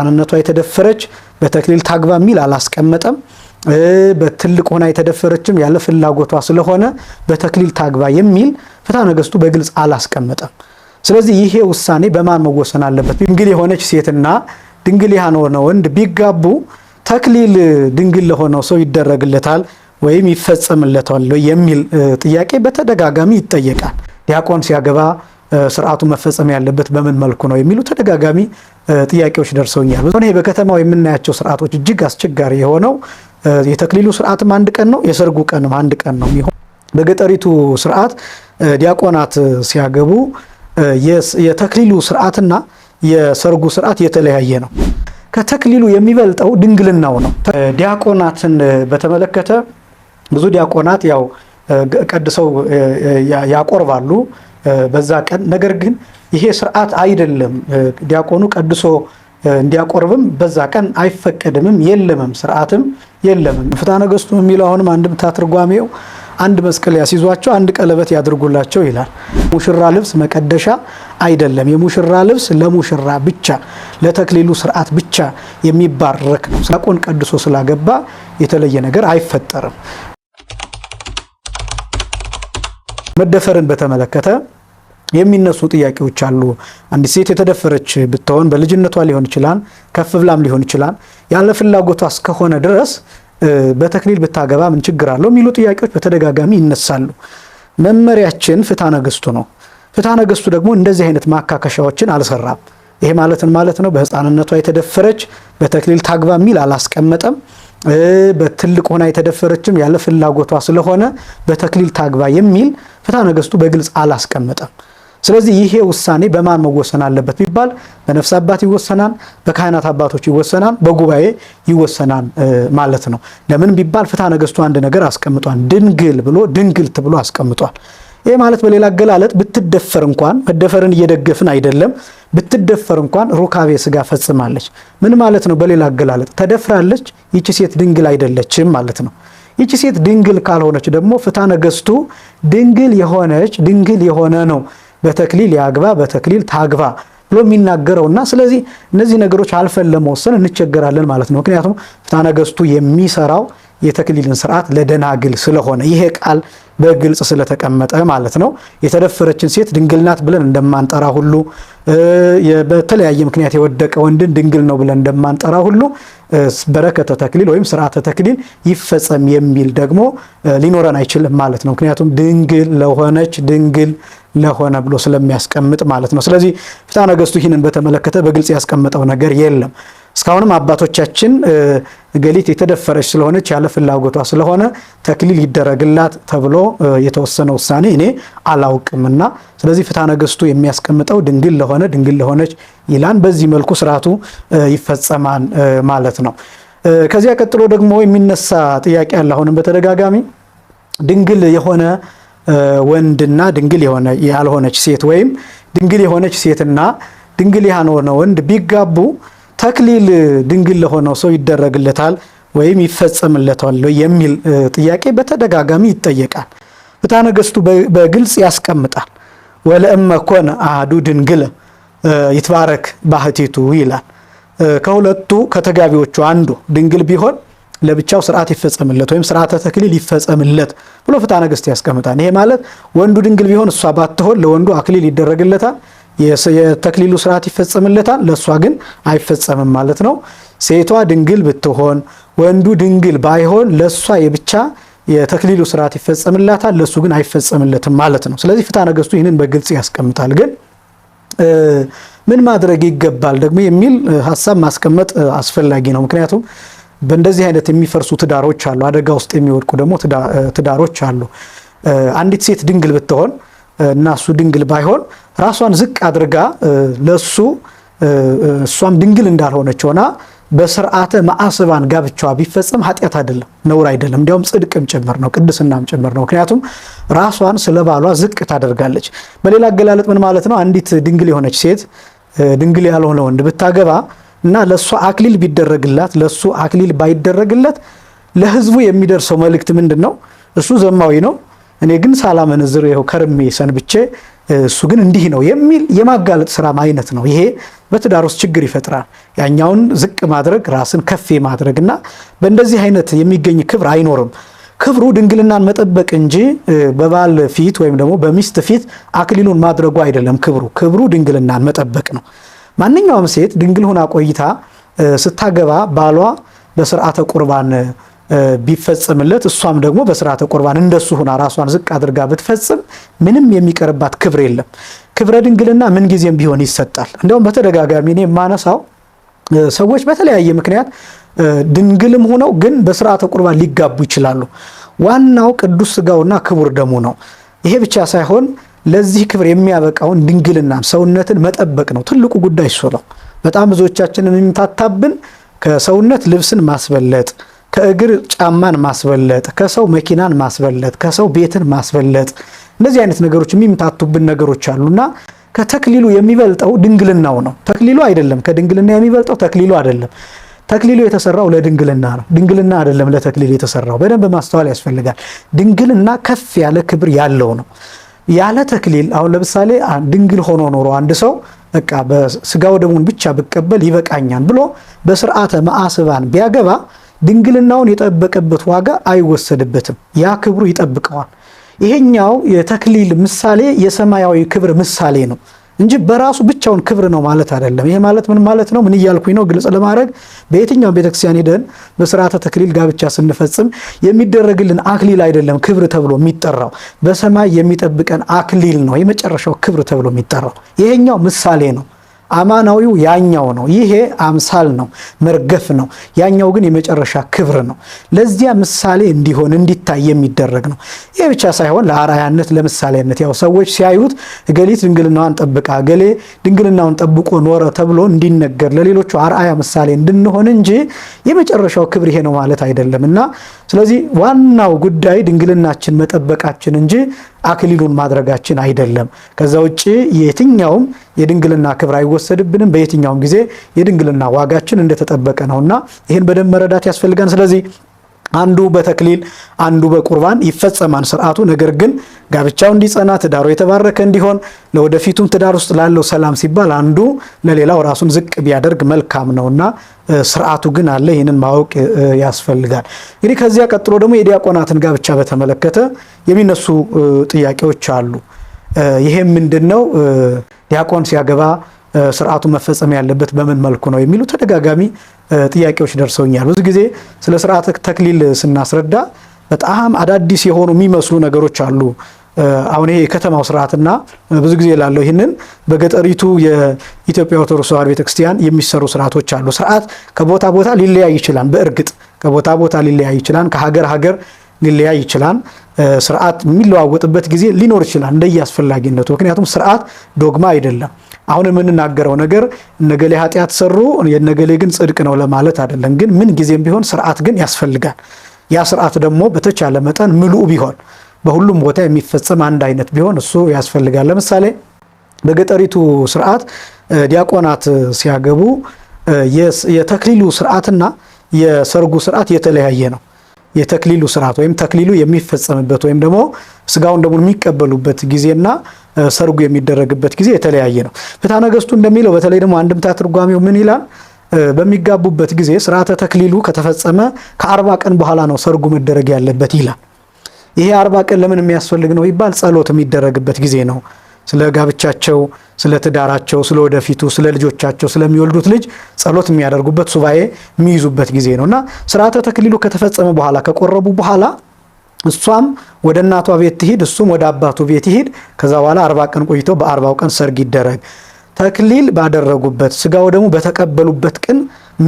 በሕፃንነቷ የተደፈረች በተክሊል ታግባ የሚል አላስቀመጠም። በትልቅ ሆና የተደፈረችም ያለ ፍላጎቷ ስለሆነ በተክሊል ታግባ የሚል ፍትሐ ነገስቱ በግልጽ አላስቀመጠም። ስለዚህ ይሄ ውሳኔ በማን መወሰን አለበት? ድንግል የሆነች ሴትና ድንግል ያልሆነ ወንድ ቢጋቡ ተክሊል ድንግል ለሆነው ሰው ይደረግለታል ወይም ይፈጸምለታል የሚል ጥያቄ በተደጋጋሚ ይጠየቃል። ዲያቆን ሲያገባ ስርዓቱ መፈጸም ያለበት በምን መልኩ ነው የሚሉ ተደጋጋሚ ጥያቄዎች ደርሰውኛል። ይሄ በከተማው የምናያቸው ስርዓቶች እጅግ አስቸጋሪ የሆነው የተክሊሉ ስርዓትም አንድ ቀን ነው፣ የሰርጉ ቀንም አንድ ቀን ነው የሚሆን። በገጠሪቱ ስርዓት ዲያቆናት ሲያገቡ የተክሊሉ ስርዓትና የሰርጉ ስርዓት የተለያየ ነው። ከተክሊሉ የሚበልጠው ድንግልናው ነው። ዲያቆናትን በተመለከተ ብዙ ዲያቆናት ያው ቀድሰው ያቆርባሉ። በዛ ቀን። ነገር ግን ይሄ ስርዓት አይደለም፣ ዲያቆኑ ቀድሶ እንዲያቆርብም በዛ ቀን አይፈቀድምም፣ የለምም፣ ስርዓትም የለምም። ፍትሐ ነገሥቱ የሚለው አሁንም አንድምታ ትርጓሜው አንድ መስቀል ያስይዟቸው አንድ ቀለበት ያድርጉላቸው ይላል። ሙሽራ ልብስ መቀደሻ አይደለም። የሙሽራ ልብስ ለሙሽራ ብቻ ለተክሊሉ ስርዓት ብቻ የሚባረክ ነው። ዲያቆን ቀድሶ ስላገባ የተለየ ነገር አይፈጠርም። መደፈርን በተመለከተ የሚነሱ ጥያቄዎች አሉ። አንዲት ሴት የተደፈረች ብትሆን በልጅነቷ ሊሆን ይችላል፣ ከፍ ብላም ሊሆን ይችላል። ያለ ፍላጎቷ እስከሆነ ድረስ በተክሊል ብታገባ ምን ችግር አለው የሚሉ ጥያቄዎች በተደጋጋሚ ይነሳሉ። መመሪያችን ፍትሐ ነገሥቱ ነው። ፍትሐ ነገሥቱ ደግሞ እንደዚህ አይነት ማካከሻዎችን አልሰራም። ይሄ ማለትን ማለት ነው። በህፃንነቷ የተደፈረች በተክሊል ታግባ የሚል አላስቀመጠም። በትልቅ ሆና የተደፈረችም ያለ ፍላጎቷ ስለሆነ በተክሊል ታግባ የሚል ፍትሐ ነገሥቱ በግልጽ አላስቀመጠም። ስለዚህ ይሄ ውሳኔ በማን መወሰን አለበት ቢባል በነፍስ አባት ይወሰናል፣ በካህናት አባቶች ይወሰናል፣ በጉባኤ ይወሰናል ማለት ነው። ለምን ቢባል ፍትሐ ነገሥቱ አንድ ነገር አስቀምጧል። ድንግል ብሎ ድንግልት ብሎ አስቀምጧል። ይህ ማለት በሌላ አገላለጥ ብትደፈር እንኳን መደፈርን እየደገፍን አይደለም። ብትደፈር እንኳን ሩካቤ ስጋ ፈጽማለች። ምን ማለት ነው? በሌላ አገላለጥ ተደፍራለች። ይቺ ሴት ድንግል አይደለችም ማለት ነው። ይቺ ሴት ድንግል ካልሆነች ደግሞ ፍትሐ ነገሥቱ ድንግል የሆነች ድንግል የሆነ ነው በተክሊል ያግባ በተክሊል ታግባ ብሎ የሚናገረውና ስለዚህ እነዚህ ነገሮች አልፈን ለመወሰን እንቸገራለን ማለት ነው። ምክንያቱም ፍትሐ ነገሥቱ የሚሰራው የተክሊልን ስርዓት ለደናግል ስለሆነ ይሄ ቃል በግልጽ ስለተቀመጠ ማለት ነው። የተደፈረችን ሴት ድንግል ናት ብለን እንደማንጠራ ሁሉ በተለያየ ምክንያት የወደቀ ወንድን ድንግል ነው ብለን እንደማንጠራ ሁሉ በረከተ ተክሊል ወይም ስርዓተ ተክሊል ይፈጸም የሚል ደግሞ ሊኖረን አይችልም ማለት ነው። ምክንያቱም ድንግል ለሆነች ድንግል ለሆነ ብሎ ስለሚያስቀምጥ ማለት ነው። ስለዚህ ፍትሐ ነገሥቱ ይህንን በተመለከተ በግልጽ ያስቀመጠው ነገር የለም። እስካሁንም አባቶቻችን ገሊት የተደፈረች ስለሆነች ያለ ፍላጎቷ ስለሆነ ተክሊል ይደረግላት ተብሎ የተወሰነ ውሳኔ እኔ አላውቅምና፣ ስለዚህ ፍትሐ ነገሥቱ የሚያስቀምጠው ድንግል ለሆነ ድንግል ለሆነች ይላን። በዚህ መልኩ ስርዓቱ ይፈጸማል ማለት ነው። ከዚያ ቀጥሎ ደግሞ የሚነሳ ጥያቄ አለ። አሁንም በተደጋጋሚ ድንግል የሆነ ወንድና ድንግል ያልሆነች ሴት ወይም ድንግል የሆነች ሴትና ድንግል ያልሆነ ወንድ ቢጋቡ ተክሊል ድንግል ለሆነው ሰው ይደረግለታል ወይም ይፈጸምለታል የሚል ጥያቄ በተደጋጋሚ ይጠየቃል። ፍትሐ ነገሥቱ በግልጽ ያስቀምጣል። ወለእመ ኮነ አሐዱ ድንግል ይትባረክ ባህቲቱ ይላል። ከሁለቱ ከተጋቢዎቹ አንዱ ድንግል ቢሆን ለብቻው ስርዓት ይፈጸምለት ወይም ስርዓተ ተክሊል ይፈጸምለት ብሎ ፍትሐ ነገሥት ያስቀምጣል። ይሄ ማለት ወንዱ ድንግል ቢሆን እሷ ባትሆን ለወንዱ አክሊል ይደረግለታል፣ የተክሊሉ ስርዓት ይፈጸምለታል፣ ለእሷ ግን አይፈጸምም ማለት ነው። ሴቷ ድንግል ብትሆን ወንዱ ድንግል ባይሆን ለእሷ የብቻ የተክሊሉ ስርዓት ይፈጸምላታል፣ ለእሱ ግን አይፈጸምለትም ማለት ነው። ስለዚህ ፍትሐ ነገሥቱ ይህንን በግልጽ ያስቀምጣል። ግን ምን ማድረግ ይገባል ደግሞ የሚል ሀሳብ ማስቀመጥ አስፈላጊ ነው። ምክንያቱም በእንደዚህ አይነት የሚፈርሱ ትዳሮች አሉ። አደጋ ውስጥ የሚወድቁ ደግሞ ትዳሮች አሉ። አንዲት ሴት ድንግል ብትሆን እና እሱ ድንግል ባይሆን ራሷን ዝቅ አድርጋ ለሱ እሷም ድንግል እንዳልሆነች ሆና በስርዓተ ማዕስባን ጋብቻዋ ቢፈጸም ኃጢአት አይደለም፣ ነውር አይደለም። እንዲያውም ጽድቅም ጭምር ነው፣ ቅድስናም ጭምር ነው። ምክንያቱም ራሷን ስለ ባሏ ዝቅ ታደርጋለች። በሌላ አገላለጥ ምን ማለት ነው? አንዲት ድንግል የሆነች ሴት ድንግል ያልሆነ ወንድ ብታገባ እና ለሱ አክሊል ቢደረግላት ለእሱ አክሊል ባይደረግለት ለህዝቡ የሚደርሰው መልእክት ምንድን ነው? እሱ ዘማዊ ነው፣ እኔ ግን ሳላመነዝር ይኸው ከርሜ ሰንብቼ እሱ ግን እንዲህ ነው የሚል የማጋለጥ ስራ አይነት ነው። ይሄ በትዳር ውስጥ ችግር ይፈጥራል። ያኛውን ዝቅ ማድረግ፣ ራስን ከፍ ማድረግ እና በእንደዚህ አይነት የሚገኝ ክብር አይኖርም። ክብሩ ድንግልናን መጠበቅ እንጂ በባል ፊት ወይም ደግሞ በሚስት ፊት አክሊሉን ማድረጉ አይደለም። ክብሩ ክብሩ ድንግልናን መጠበቅ ነው። ማንኛውም ሴት ድንግል ሆና ቆይታ ስታገባ ባሏ በስርዓተ ቁርባን ቢፈጸምለት እሷም ደግሞ በስርዓተ ቁርባን እንደሱ ሆና ራሷን ዝቅ አድርጋ ብትፈጽም ምንም የሚቀርባት ክብር የለም። ክብረ ድንግልና ምን ጊዜም ቢሆን ይሰጣል። እንደውም በተደጋጋሚ እኔ የማነሳው ሰዎች በተለያየ ምክንያት ድንግልም ሆነው ግን በስርዓተ ቁርባን ሊጋቡ ይችላሉ። ዋናው ቅዱስ ስጋውና ክቡር ደሙ ነው። ይሄ ብቻ ሳይሆን ለዚህ ክብር የሚያበቃውን ድንግልና ሰውነትን መጠበቅ ነው። ትልቁ ጉዳይ እሱ ነው። በጣም ብዙዎቻችንን የሚምታታብን ከሰውነት ልብስን ማስበለጥ፣ ከእግር ጫማን ማስበለጥ፣ ከሰው መኪናን ማስበለጥ፣ ከሰው ቤትን ማስበለጥ፣ እነዚህ አይነት ነገሮች የሚምታቱብን ነገሮች አሉና ከተክሊሉ የሚበልጠው ድንግልናው ነው። ተክሊሉ አይደለም። ከድንግልና የሚበልጠው ተክሊሉ አይደለም። ተክሊሉ የተሰራው ለድንግልና ነው። ድንግልና አይደለም ለተክሊሉ የተሰራው። በደንብ ማስተዋል ያስፈልጋል። ድንግልና ከፍ ያለ ክብር ያለው ነው። ያለ ተክሊል አሁን ለምሳሌ ድንግል ሆኖ ኖሮ አንድ ሰው በቃ በስጋው ደሙን ብቻ ብቀበል ይበቃኛል ብሎ በስርዓተ መአስባን ቢያገባ ድንግልናውን የጠበቀበት ዋጋ አይወሰድበትም። ያ ክብሩ ይጠብቀዋል። ይሄኛው የተክሊል ምሳሌ የሰማያዊ ክብር ምሳሌ ነው። እንጂ በራሱ ብቻውን ክብር ነው ማለት አይደለም። ይሄ ማለት ምን ማለት ነው? ምን እያልኩኝ ነው? ግልጽ ለማድረግ በየትኛውም ቤተክርስቲያን ሄደን በስርዓተ ተክሊል ጋብቻ ስንፈጽም የሚደረግልን አክሊል አይደለም ክብር ተብሎ የሚጠራው በሰማይ የሚጠብቀን አክሊል ነው የመጨረሻው ክብር ተብሎ የሚጠራው። ይሄኛው ምሳሌ ነው። አማናዊው ያኛው ነው። ይሄ አምሳል ነው፣ መርገፍ ነው። ያኛው ግን የመጨረሻ ክብር ነው። ለዚያ ምሳሌ እንዲሆን እንዲታይ የሚደረግ ነው። ይሄ ብቻ ሳይሆን ለአርአያነት፣ ለምሳሌነት ያው ሰዎች ሲያዩት እገሊት ድንግልናዋን ጠብቃ እገሌ ድንግልናውን ጠብቆ ኖረ ተብሎ እንዲነገር ለሌሎቹ አርአያ ምሳሌ እንድንሆን እንጂ የመጨረሻው ክብር ይሄ ነው ማለት አይደለም እና ስለዚህ ዋናው ጉዳይ ድንግልናችን መጠበቃችን እንጂ አክሊሉን ማድረጋችን አይደለም። ከዛ ውጭ የትኛውም የድንግልና ክብር አይወሰድብንም። በየትኛውም ጊዜ የድንግልና ዋጋችን እንደተጠበቀ ነውና ይህን በደንብ መረዳት ያስፈልጋል። ስለዚህ አንዱ በተክሊል አንዱ በቁርባን ይፈጸማል ስርዓቱ። ነገር ግን ጋብቻው እንዲጸና ትዳሩ የተባረከ እንዲሆን ለወደፊቱም ትዳር ውስጥ ላለው ሰላም ሲባል አንዱ ለሌላው ራሱን ዝቅ ቢያደርግ መልካም ነውና ስርዓቱ ግን አለ። ይህንን ማወቅ ያስፈልጋል። እንግዲህ ከዚያ ቀጥሎ ደግሞ የዲያቆናትን ጋብቻ በተመለከተ የሚነሱ ጥያቄዎች አሉ። ይሄም ምንድን ነው? ዲያቆን ሲያገባ ስርዓቱ መፈጸም ያለበት በምን መልኩ ነው የሚሉ ተደጋጋሚ ጥያቄዎች ደርሰውኛል። ብዙ ጊዜ ስለ ስርዓተ ተክሊል ስናስረዳ በጣም አዳዲስ የሆኑ የሚመስሉ ነገሮች አሉ። አሁን ይሄ የከተማው ስርዓትና ብዙ ጊዜ ላለው ይህንን በገጠሪቱ የኢትዮጵያ ኦርቶዶክስ ተዋሕዶ ቤተክርስቲያን የሚሰሩ ስርዓቶች አሉ። ስርዓት ከቦታ ቦታ ሊለያይ ይችላል። በእርግጥ ከቦታ ቦታ ሊለያይ ይችላል። ከሀገር ሀገር ሊለያይ ይችላል። ስርዓት የሚለዋወጥበት ጊዜ ሊኖር ይችላል አስፈላጊነቱ ምክንያቱም ስርዓት ዶግማ አይደለም። አሁን የምንናገረው ነገር እነገሌ ኃጢአት ሰሩ የነገሌ ግን ጽድቅ ነው ለማለት አይደለም። ግን ምን ጊዜም ቢሆን ስርዓት ግን ያስፈልጋል። ያ ስርዓት ደግሞ በተቻለ መጠን ምሉእ ቢሆን፣ በሁሉም ቦታ የሚፈጸም አንድ አይነት ቢሆን እሱ ያስፈልጋል። ለምሳሌ በገጠሪቱ ስርዓት ዲያቆናት ሲያገቡ የተክሊሉ ስርዓትና የሰርጉ ስርዓት የተለያየ ነው። የተክሊሉ ስርዓት ወይም ተክሊሉ የሚፈጸምበት ወይም ደግሞ ስጋውን ደግሞ የሚቀበሉበት ጊዜና ሰርጉ የሚደረግበት ጊዜ የተለያየ ነው። ፍትሐ ነገሥቱ እንደሚለው በተለይ ደግሞ አንድምታ ትርጓሜው ምን ይላል? በሚጋቡበት ጊዜ ስርዓተ ተክሊሉ ከተፈጸመ ከአርባ ቀን በኋላ ነው ሰርጉ መደረግ ያለበት ይላል። ይሄ አርባ ቀን ለምን የሚያስፈልግ ነው ይባል? ጸሎት የሚደረግበት ጊዜ ነው። ስለ ጋብቻቸው፣ ስለ ትዳራቸው፣ ስለ ወደፊቱ፣ ስለ ልጆቻቸው፣ ስለሚወልዱት ልጅ ጸሎት የሚያደርጉበት ሱባኤ የሚይዙበት ጊዜ ነው እና ስርዓተ ተክሊሉ ከተፈጸመ በኋላ ከቆረቡ በኋላ እሷም ወደ እናቷ ቤት ትሂድ፣ እሱም ወደ አባቱ ቤት ይሂድ። ከዛ በኋላ አርባ ቀን ቆይተው በአርባው ቀን ሰርግ ይደረግ። ተክሊል ባደረጉበት ስጋው ደግሞ በተቀበሉበት ቀን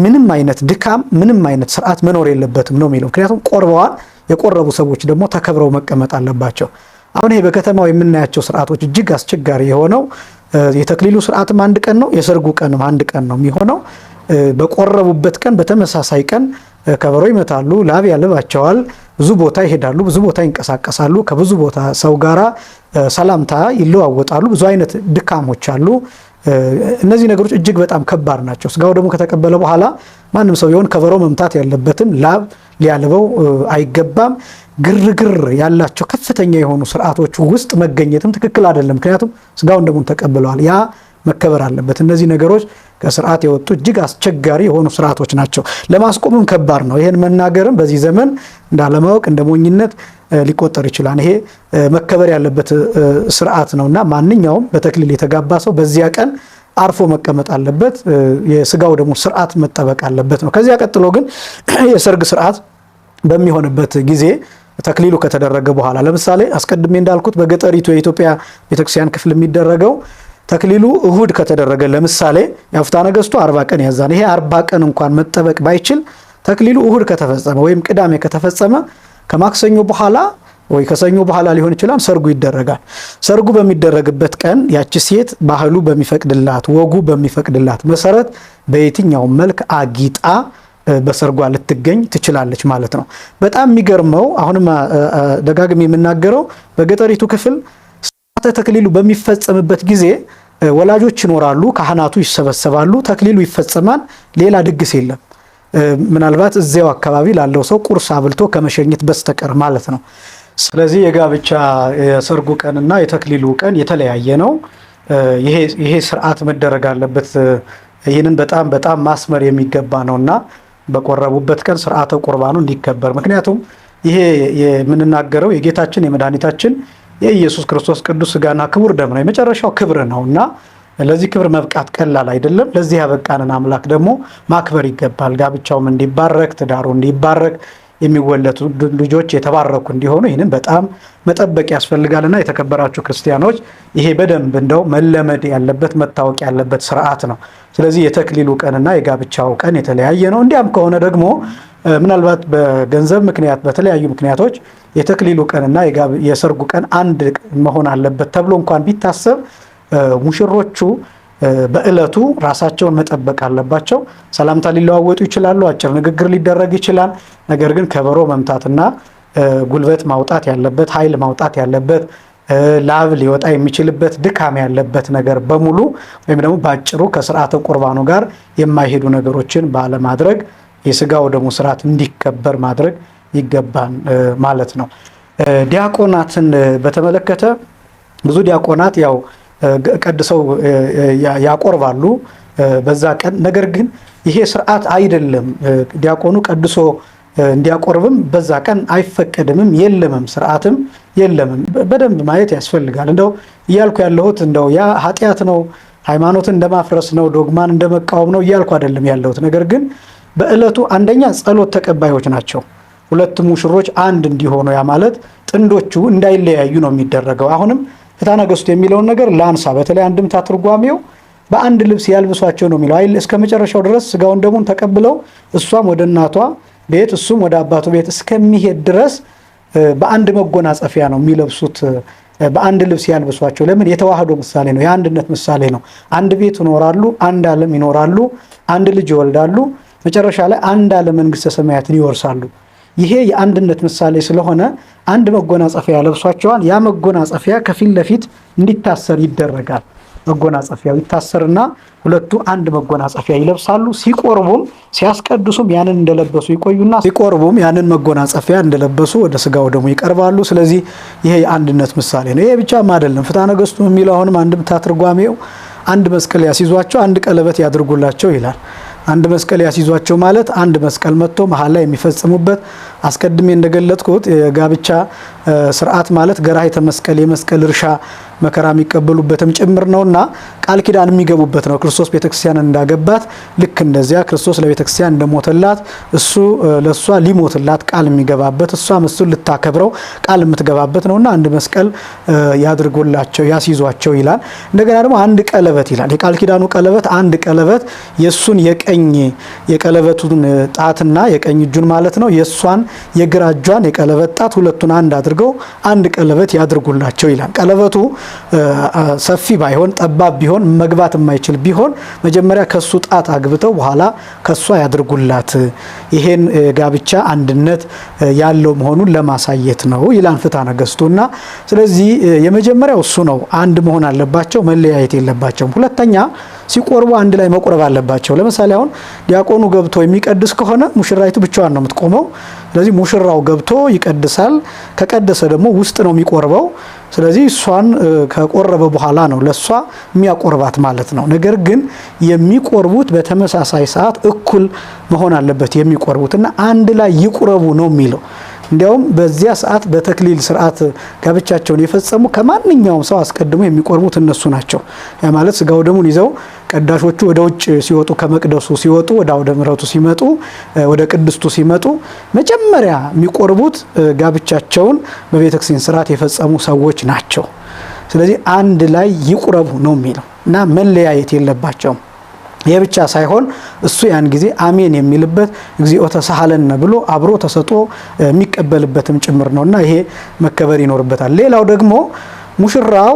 ምንም አይነት ድካም፣ ምንም አይነት ስርዓት መኖር የለበትም ነው የሚለው። ምክንያቱም ቆርበዋል። የቆረቡ ሰዎች ደግሞ ተከብረው መቀመጥ አለባቸው። አሁን ይሄ በከተማው የምናያቸው ስርዓቶች እጅግ አስቸጋሪ የሆነው የተክሊሉ ስርዓትም አንድ ቀን ነው፣ የሰርጉ ቀንም አንድ ቀን ነው የሚሆነው። በቆረቡበት ቀን በተመሳሳይ ቀን ከበሮ ይመታሉ፣ ላብ ያልባቸዋል፣ ብዙ ቦታ ይሄዳሉ፣ ብዙ ቦታ ይንቀሳቀሳሉ፣ ከብዙ ቦታ ሰው ጋራ ሰላምታ ይለዋወጣሉ። ብዙ አይነት ድካሞች አሉ። እነዚህ ነገሮች እጅግ በጣም ከባድ ናቸው። ስጋው ደግሞ ከተቀበለ በኋላ ማንም ሰው ቢሆን ከበሮ መምታት ያለበትም ላብ ሊያልበው አይገባም። ግርግር ያላቸው ከፍተኛ የሆኑ ስርዓቶች ውስጥ መገኘትም ትክክል አይደለም። ምክንያቱም ስጋውን ደሙን ተቀብለዋል። ያ መከበር አለበት። እነዚህ ነገሮች ከስርዓት የወጡ እጅግ አስቸጋሪ የሆኑ ስርዓቶች ናቸው። ለማስቆምም ከባድ ነው። ይህን መናገርም በዚህ ዘመን እንዳለማወቅ እንደ ሞኝነት ሊቆጠር ይችላል። ይሄ መከበር ያለበት ስርዓት ነው እና ማንኛውም በተክሊል የተጋባ ሰው በዚያ ቀን አርፎ መቀመጥ አለበት። የስጋው ደግሞ ስርዓት መጠበቅ አለበት ነው። ከዚያ ቀጥሎ ግን የሰርግ ስርዓት በሚሆንበት ጊዜ ተክሊሉ ከተደረገ በኋላ ለምሳሌ አስቀድሜ እንዳልኩት በገጠሪቱ የኢትዮጵያ ቤተክርስቲያን ክፍል የሚደረገው ተክሊሉ እሁድ ከተደረገ ለምሳሌ የአፍታ ነገስቱ አርባ ቀን ያዛን። ይሄ አርባ ቀን እንኳን መጠበቅ ባይችል ተክሊሉ እሁድ ከተፈጸመ ወይም ቅዳሜ ከተፈጸመ ከማክሰኞ በኋላ ወይ ከሰኞ በኋላ ሊሆን ይችላል። ሰርጉ ይደረጋል። ሰርጉ በሚደረግበት ቀን ያቺ ሴት ባህሉ በሚፈቅድላት ወጉ በሚፈቅድላት መሰረት በየትኛው መልክ አጊጣ በሰርጓ ልትገኝ ትችላለች ማለት ነው። በጣም የሚገርመው አሁንም ደጋግሜ የምናገረው በገጠሪቱ ክፍል ስርዓተ ተክሊሉ በሚፈጸምበት ጊዜ ወላጆች ይኖራሉ፣ ካህናቱ ይሰበሰባሉ፣ ተክሊሉ ይፈጸማል። ሌላ ድግስ የለም። ምናልባት እዚያው አካባቢ ላለው ሰው ቁርስ አብልቶ ከመሸኘት በስተቀር ማለት ነው። ስለዚህ የጋብቻ የሰርጉ ቀንና የተክሊሉ ቀን የተለያየ ነው። ይሄ ስርዓት መደረግ አለበት። ይህንን በጣም በጣም ማስመር የሚገባ ነው እና በቆረቡበት ቀን ስርዓተ ቁርባኑ እንዲከበር ምክንያቱም ይሄ የምንናገረው የጌታችን የመድኃኒታችን የኢየሱስ ክርስቶስ ቅዱስ ስጋና ክቡር ደም ነው። የመጨረሻው ክብር ነው እና ለዚህ ክብር መብቃት ቀላል አይደለም። ለዚህ ያበቃንን አምላክ ደግሞ ማክበር ይገባል። ጋብቻውም እንዲባረክ፣ ትዳሩ እንዲባረክ፣ የሚወለቱ ልጆች የተባረኩ እንዲሆኑ ይህንን በጣም መጠበቅ ያስፈልጋልና የተከበራችሁ ክርስቲያኖች፣ ይሄ በደንብ እንደው መለመድ ያለበት መታወቅ ያለበት ስርዓት ነው። ስለዚህ የተክሊሉ ቀንና የጋብቻው ቀን የተለያየ ነው። እንዲያም ከሆነ ደግሞ ምናልባት በገንዘብ ምክንያት በተለያዩ ምክንያቶች የተክሊሉ ቀንና የሰርጉ ቀን አንድ መሆን አለበት ተብሎ እንኳን ቢታሰብ ሙሽሮቹ በእለቱ ራሳቸውን መጠበቅ አለባቸው። ሰላምታ ሊለዋወጡ ይችላሉ። አጭር ንግግር ሊደረግ ይችላል። ነገር ግን ከበሮ መምታትና ጉልበት ማውጣት ያለበት ኃይል ማውጣት ያለበት ላብ ሊወጣ የሚችልበት ድካም ያለበት ነገር በሙሉ ወይም ደግሞ በአጭሩ ከስርዓተ ቁርባኑ ጋር የማይሄዱ ነገሮችን ባለማድረግ የስጋው ወደሙ ስርዓት እንዲከበር ማድረግ ይገባን ማለት ነው። ዲያቆናትን በተመለከተ ብዙ ዲያቆናት ያው ቀድሰው ያቆርባሉ በዛ ቀን። ነገር ግን ይሄ ስርዓት አይደለም። ዲያቆኑ ቀድሶ እንዲያቆርብም በዛ ቀን አይፈቀድምም፣ የለምም፣ ስርዓትም የለምም። በደንብ ማየት ያስፈልጋል። እንደው እያልኩ ያለሁት እንደው ያ ኃጢአት ነው ሃይማኖትን እንደማፍረስ ነው ዶግማን እንደመቃወም ነው እያልኩ አይደለም ያለሁት። ነገር ግን በእለቱ አንደኛ ጸሎት ተቀባዮች ናቸው። ሁለት ሙሽሮች አንድ እንዲሆኑ ያ ማለት ጥንዶቹ እንዳይለያዩ ነው የሚደረገው አሁንም እታነገሥቱ የሚለውን ነገር ላንሳ። በተለይ አንድምታ ትርጓሜው በአንድ ልብስ ያልብሷቸው ነው የሚለው አይል እስከ መጨረሻው ድረስ ስጋውን ደሙን ተቀብለው እሷም ወደ እናቷ ቤት እሱም ወደ አባቱ ቤት እስከሚሄድ ድረስ በአንድ መጎናጸፊያ ነው የሚለብሱት። በአንድ ልብስ ያልብሷቸው። ለምን? የተዋህዶ ምሳሌ ነው፣ የአንድነት ምሳሌ ነው። አንድ ቤት ይኖራሉ፣ አንድ ዓለም ይኖራሉ፣ አንድ ልጅ ይወልዳሉ፣ መጨረሻ ላይ አንድ ዓለም መንግሥተ ሰማያትን ይወርሳሉ። ይሄ የአንድነት ምሳሌ ስለሆነ አንድ መጎናጸፊያ ለብሷቸዋል። ያ መጎናጸፊያ ከፊት ለፊት እንዲታሰር ይደረጋል። መጎናጸፊያው ይታሰርና ሁለቱ አንድ መጎናጸፊያ ይለብሳሉ። ሲቆርቡም ሲያስቀድሱም ያንን እንደለበሱ ይቆዩና ሲቆርቡም ያንን መጎናጸፊያ እንደለበሱ ወደ ስጋው ደግሞ ይቀርባሉ። ስለዚህ ይሄ የአንድነት ምሳሌ ነው። ይሄ ብቻም አይደለም። ፍትሐ ነገሥቱ የሚለው አሁንም አንድምታ ትርጓሜው አንድ መስቀል ያስይዟቸው፣ አንድ ቀለበት ያድርጉላቸው ይላል። አንድ መስቀል ያስይዟቸው ማለት አንድ መስቀል መጥቶ መሀል ላይ የሚፈጽሙበት አስቀድሜ እንደገለጥኩት የጋብቻ ስርዓት ማለት ገራሂተ መስቀል የመስቀል እርሻ መከራ የሚቀበሉበትም ጭምር ነውና ቃል ኪዳን የሚገቡበት ነው። ክርስቶስ ቤተክርስቲያንን እንዳገባት ልክ እንደዚያ ክርስቶስ ለቤተክርስቲያን እንደሞተላት እሱ ለእሷ ሊሞትላት ቃል የሚገባበት እሷም እሱን ልታከብረው ቃል የምትገባበት ነውና አንድ መስቀል ያድርጎላቸው ያስይዟቸው ይላል። እንደገና ደግሞ አንድ ቀለበት ይላል። የቃል ኪዳኑ ቀለበት አንድ ቀለበት የእሱን የቀኝ የቀለበቱን ጣትና የቀኝ እጁን ማለት ነው የእሷን የግራ እጇን የቀለበት ጣት ሁለቱን አንድ አድርገው አንድ ቀለበት ያድርጉላቸው ይላል። ቀለበቱ ሰፊ ባይሆን ጠባብ ቢሆን መግባት የማይችል ቢሆን መጀመሪያ ከሱ ጣት አግብተው በኋላ ከሷ ያድርጉላት። ይሄን ጋብቻ አንድነት ያለው መሆኑን ለማሳየት ነው ይላን ፍትሐ ነገሥቱ። እና ስለዚህ የመጀመሪያው እሱ ነው። አንድ መሆን አለባቸው፣ መለያየት የለባቸውም። ሁለተኛ ሲቆርቡ አንድ ላይ መቆረብ አለባቸው። ለምሳሌ አሁን ዲያቆኑ ገብቶ የሚቀድስ ከሆነ ሙሽራይቱ ብቻዋን ነው የምትቆመው። ስለዚህ ሙሽራው ገብቶ ይቀድሳል። ከቀደሰ ደግሞ ውስጥ ነው የሚቆርበው። ስለዚህ እሷን ከቆረበ በኋላ ነው ለእሷ የሚያቆርባት ማለት ነው። ነገር ግን የሚቆርቡት በተመሳሳይ ሰዓት እኩል መሆን አለበት የሚቆርቡት እና አንድ ላይ ይቁረቡ ነው የሚለው። እንዲያውም በዚያ ሰዓት በተክሊል ስርዓት ጋብቻቸውን የፈጸሙ ከማንኛውም ሰው አስቀድሞ የሚቆርቡት እነሱ ናቸው። ያ ማለት ስጋው ደሙን ይዘው ቀዳሾቹ ወደ ውጭ ሲወጡ ከመቅደሱ ሲወጡ ወደ አውደ ምሕረቱ ሲመጡ ወደ ቅድስቱ ሲመጡ መጀመሪያ የሚቆርቡት ጋብቻቸውን በቤተ ስርዓት የፈጸሙ ሰዎች ናቸው። ስለዚህ አንድ ላይ ይቁረቡ ነው የሚለው እና መለያየት የለባቸውም። ይህ ብቻ ሳይሆን እሱ ያን ጊዜ አሜን የሚልበት እግዚኦ ተሳሃለነ ብሎ አብሮ ተሰጦ የሚቀበልበትም ጭምር ነው እና ይሄ መከበር ይኖርበታል። ሌላው ደግሞ ሙሽራው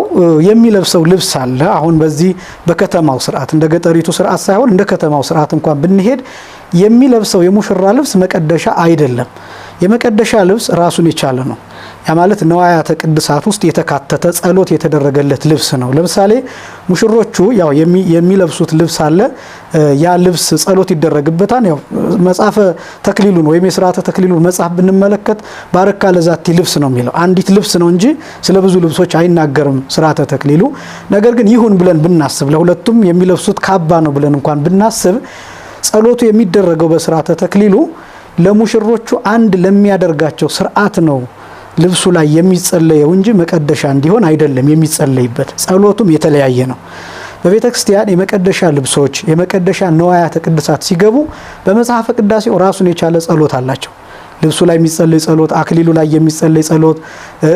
የሚለብሰው ልብስ አለ። አሁን በዚህ በከተማው ስርዓት እንደ ገጠሪቱ ስርዓት ሳይሆን እንደ ከተማው ስርዓት እንኳን ብንሄድ የሚለብሰው የሙሽራ ልብስ መቀደሻ አይደለም። የመቀደሻ ልብስ ራሱን የቻለ ነው። ያ ማለት ነዋያተ ቅድሳት ውስጥ የተካተተ ጸሎት የተደረገለት ልብስ ነው። ለምሳሌ ሙሽሮቹ ያው የሚለብሱት ልብስ አለ። ያ ልብስ ጸሎት ይደረግበታል። ያው መጽሐፈ ተክሊሉን ወይም የስርዓተ ተክሊሉን መጽሐፍ ብንመለከት ባረካ ለዛቲ ልብስ ነው የሚለው አንዲት ልብስ ነው እንጂ ስለ ብዙ ልብሶች አይናገርም ስርዓተ ተክሊሉ። ነገር ግን ይሁን ብለን ብናስብ ለሁለቱም የሚለብሱት ካባ ነው ብለን እንኳን ብናስብ ጸሎቱ የሚደረገው በስርዓተ ተክሊሉ ለሙሽሮቹ አንድ ለሚያደርጋቸው ስርዓት ነው ልብሱ ላይ የሚጸለየው እንጂ መቀደሻ እንዲሆን አይደለም የሚጸለይበት። ጸሎቱም የተለያየ ነው። በቤተ ክርስቲያን የመቀደሻ ልብሶች፣ የመቀደሻ ንዋያተ ቅድሳት ሲገቡ በመጽሐፈ ቅዳሴው ራሱን የቻለ ጸሎት አላቸው። ልብሱ ላይ የሚጸለይ ጸሎት፣ አክሊሉ ላይ የሚጸለይ ጸሎት፣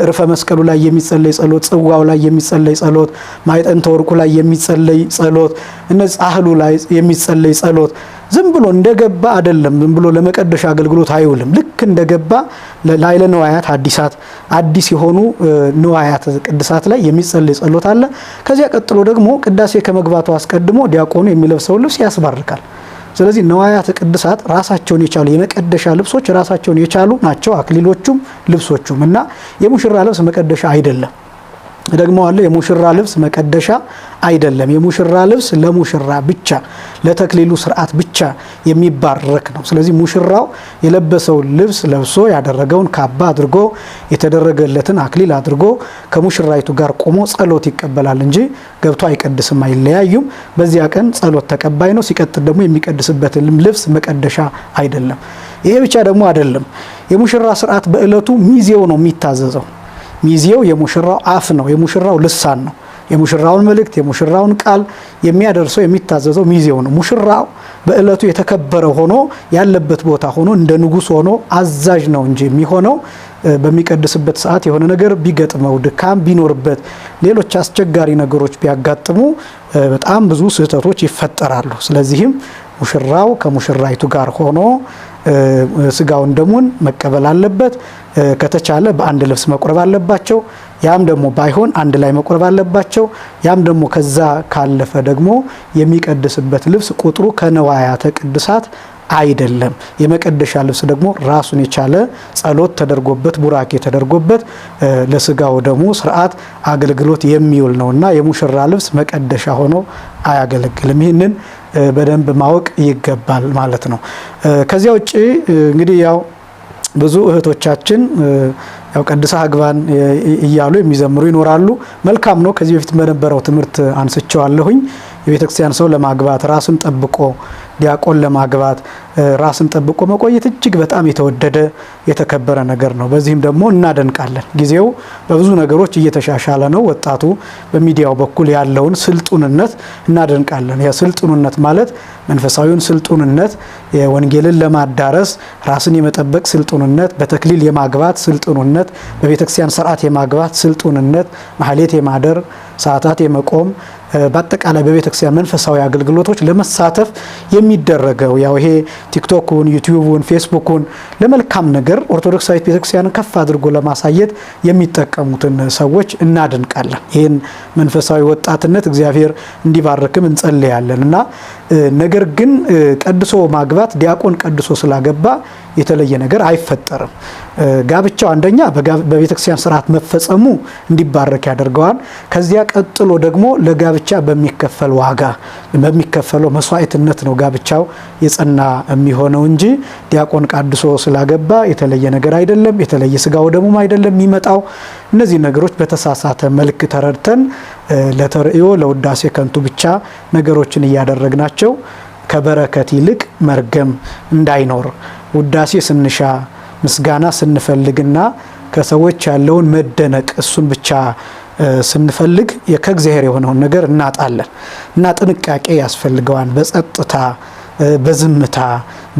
እርፈ መስቀሉ ላይ የሚጸለይ ጸሎት፣ ጽዋው ላይ የሚጸለይ ጸሎት፣ ማዕጠንተ ወርቁ ላይ የሚጸለይ ጸሎት፣ እነዚህ ጻሕሉ ላይ የሚጸለይ ጸሎት ዝም ብሎ እንደገባ አይደለም። ዝም ብሎ ለመቀደሻ አገልግሎት አይውልም። ልክ እንደገባ ላይለ ንዋያት አዲሳት አዲስ የሆኑ ንዋያት ቅድሳት ላይ የሚጸልይ ጸሎት አለ። ከዚያ ቀጥሎ ደግሞ ቅዳሴ ከመግባቱ አስቀድሞ ዲያቆኑ የሚለብሰውን ልብስ ያስባርካል። ስለዚህ ንዋያት ቅድሳት ራሳቸውን የቻሉ የመቀደሻ ልብሶች ራሳቸውን የቻሉ ናቸው። አክሊሎቹም ልብሶቹም እና የሙሽራ ልብስ መቀደሻ አይደለም። ደግሞ አለ የሙሽራ ልብስ መቀደሻ አይደለም። የሙሽራ ልብስ ለሙሽራ ብቻ ለተክሊሉ ስርዓት ብቻ የሚባረክ ነው። ስለዚህ ሙሽራው የለበሰውን ልብስ ለብሶ ያደረገውን ካባ አድርጎ የተደረገለትን አክሊል አድርጎ ከሙሽራይቱ ጋር ቆሞ ጸሎት ይቀበላል እንጂ ገብቶ አይቀድስም፣ አይለያዩም። በዚያ ቀን ጸሎት ተቀባይ ነው። ሲቀጥል ደግሞ የሚቀድስበትን ልብስ መቀደሻ አይደለም። ይሄ ብቻ ደግሞ አይደለም። የሙሽራ ስርዓት በእለቱ ሚዜው ነው የሚታዘዘው። ሚዜው የሙሽራው አፍ ነው፣ የሙሽራው ልሳን ነው። የሙሽራውን መልእክት የሙሽራውን ቃል የሚያደርሰው የሚታዘዘው ሚዜው ነው። ሙሽራው በእለቱ የተከበረ ሆኖ ያለበት ቦታ ሆኖ እንደ ንጉስ ሆኖ አዛዥ ነው እንጂ የሚሆነው በሚቀድስበት ሰዓት የሆነ ነገር ቢገጥመው ድካም ቢኖርበት ሌሎች አስቸጋሪ ነገሮች ቢያጋጥሙ በጣም ብዙ ስህተቶች ይፈጠራሉ። ስለዚህም ሙሽራው ከሙሽራይቱ ጋር ሆኖ ስጋውን ደሙን መቀበል አለበት። ከተቻለ በአንድ ልብስ መቁረብ አለባቸው። ያም ደግሞ ባይሆን አንድ ላይ መቁረብ አለባቸው። ያም ደግሞ ከዛ ካለፈ ደግሞ የሚቀድስበት ልብስ ቁጥሩ ከነዋያተ ቅድሳት አይደለም። የመቀደሻ ልብስ ደግሞ ራሱን የቻለ ጸሎት ተደርጎበት ቡራኬ ተደርጎበት ለስጋው ደግሞ ስርዓት አገልግሎት የሚውል ነውና የሙሽራ ልብስ መቀደሻ ሆኖ አያገለግልም። ይህንን በደንብ ማወቅ ይገባል ማለት ነው። ከዚያ ውጭ እንግዲህ ያው ብዙ እህቶቻችን ያው ቀድሳ አግባን እያሉ የሚዘምሩ ይኖራሉ። መልካም ነው። ከዚህ በፊት በነበረው ትምህርት አንስቼዋለሁኝ። የቤተክርስቲያን ሰው ለማግባት ራሱን ጠብቆ ዲያቆን ለማግባት ራስን ጠብቆ መቆየት እጅግ በጣም የተወደደ የተከበረ ነገር ነው። በዚህም ደግሞ እናደንቃለን። ጊዜው በብዙ ነገሮች እየተሻሻለ ነው። ወጣቱ በሚዲያው በኩል ያለውን ስልጡንነት እናደንቃለን። ስልጡንነት ማለት መንፈሳዊውን ስልጡንነት፣ ወንጌልን ለማዳረስ ራስን የመጠበቅ ስልጡንነት፣ በተክሊል የማግባት ስልጡንነት፣ በቤተክርስቲያን ስርዓት የማግባት ስልጡንነት፣ ማህሌት የማደር ሰዓታት የመቆም በአጠቃላይ በቤተክርስቲያን መንፈሳዊ አገልግሎቶች ለመሳተፍ የሚደረገው ያው ይሄ ቲክቶኩን፣ ዩቲዩቡን፣ ፌስቡኩን ለመልካም ነገር ኦርቶዶክሳዊት ቤተክርስቲያንን ከፍ አድርጎ ለማሳየት የሚጠቀሙትን ሰዎች እናድንቃለን። ይህን መንፈሳዊ ወጣትነት እግዚአብሔር እንዲባርክም እንጸልያለን እና ነገር ግን ቀድሶ ማግባት ዲያቆን ቀድሶ ስላገባ የተለየ ነገር አይፈጠርም። ጋብቻው አንደኛ በቤተክርስቲያን ስርዓት መፈጸሙ እንዲባረክ ያደርገዋል። ከዚያ ቀጥሎ ደግሞ ለጋብ ጋብቻ በሚከፈል ዋጋ በሚከፈለው መስዋዕትነት ነው ጋብቻው የጸና የሚሆነው እንጂ ዲያቆን ቃድሶ ስላገባ የተለየ ነገር አይደለም፣ የተለየ ስጋ ወደሙም አይደለም የሚመጣው። እነዚህ ነገሮች በተሳሳተ መልክ ተረድተን ለተርእዮ ለውዳሴ ከንቱ ብቻ ነገሮችን እያደረግናቸው ከበረከት ይልቅ መርገም እንዳይኖር ውዳሴ ስንሻ ምስጋና ስንፈልግና ከሰዎች ያለውን መደነቅ እሱን ብቻ ስንፈልግ ከእግዚአብሔር የሆነውን ነገር እናጣለን እና ጥንቃቄ ያስፈልገዋል። በጸጥታ በዝምታ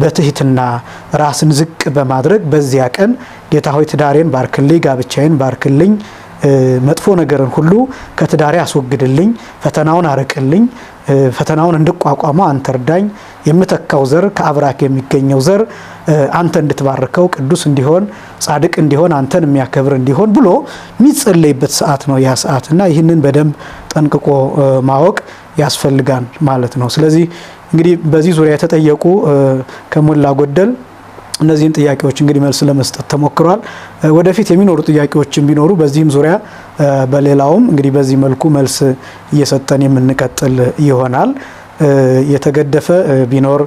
በትህትና ራስን ዝቅ በማድረግ በዚያ ቀን ጌታ ሆይ ትዳሬን ባርክልኝ፣ ጋብቻዬን ባርክልኝ መጥፎ ነገርን ሁሉ ከትዳሪ አስወግድልኝ፣ ፈተናውን አርቅልኝ፣ ፈተናውን እንድቋቋመው አንተ እርዳኝ፣ የምተካው ዘር ከአብራክ የሚገኘው ዘር አንተ እንድትባርከው ቅዱስ እንዲሆን ጻድቅ እንዲሆን አንተን የሚያከብር እንዲሆን ብሎ የሚጸለይበት ሰዓት ነው ያ ሰዓት እና ይህንን በደንብ ጠንቅቆ ማወቅ ያስፈልጋል ማለት ነው። ስለዚህ እንግዲህ በዚህ ዙሪያ የተጠየቁ ከሞላ ጎደል እነዚህን ጥያቄዎች እንግዲህ መልስ ለመስጠት ተሞክሯል። ወደፊት የሚኖሩ ጥያቄዎችን ቢኖሩ በዚህም ዙሪያ በሌላውም እንግዲህ በዚህ መልኩ መልስ እየሰጠን የምንቀጥል ይሆናል። የተገደፈ ቢኖር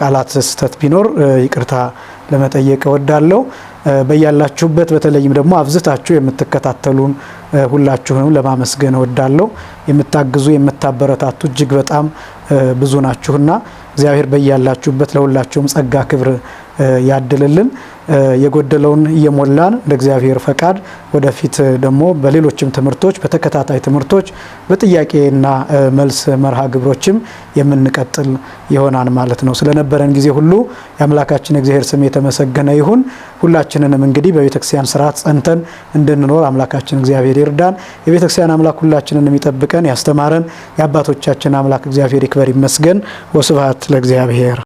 ቃላት ስህተት ቢኖር ይቅርታ ለመጠየቅ እወዳለሁ። በያላችሁበት በተለይም ደግሞ አብዝታችሁ የምትከታተሉን ሁላችሁንም ለማመስገን እወዳለሁ። የምታግዙ የምታበረታቱ እጅግ በጣም ብዙ ናችሁና እግዚአብሔር በያላችሁበት ለሁላችሁም ጸጋ ክብር ያድልልን። የጎደለውን እየሞላን እንደ እግዚአብሔር ፈቃድ ወደፊት ደግሞ በሌሎችም ትምህርቶች በተከታታይ ትምህርቶች በጥያቄና መልስ መርሃ ግብሮችም የምንቀጥል ይሆናል ማለት ነው። ስለነበረን ጊዜ ሁሉ የአምላካችን እግዚአብሔር ስም የተመሰገነ ይሁን። ሁላችንንም እንግዲህ በቤተክርስቲያን ስርዓት ጸንተን እንድንኖር አምላካችን እግዚአብሔር ይርዳን። የቤተክርስቲያን አምላክ ሁላችንን ይጠብቀን። ያስተማረን የአባቶቻችን አምላክ እግዚአብሔር ይክበር ይመስገን። ወስብሐት ለእግዚአብሔር።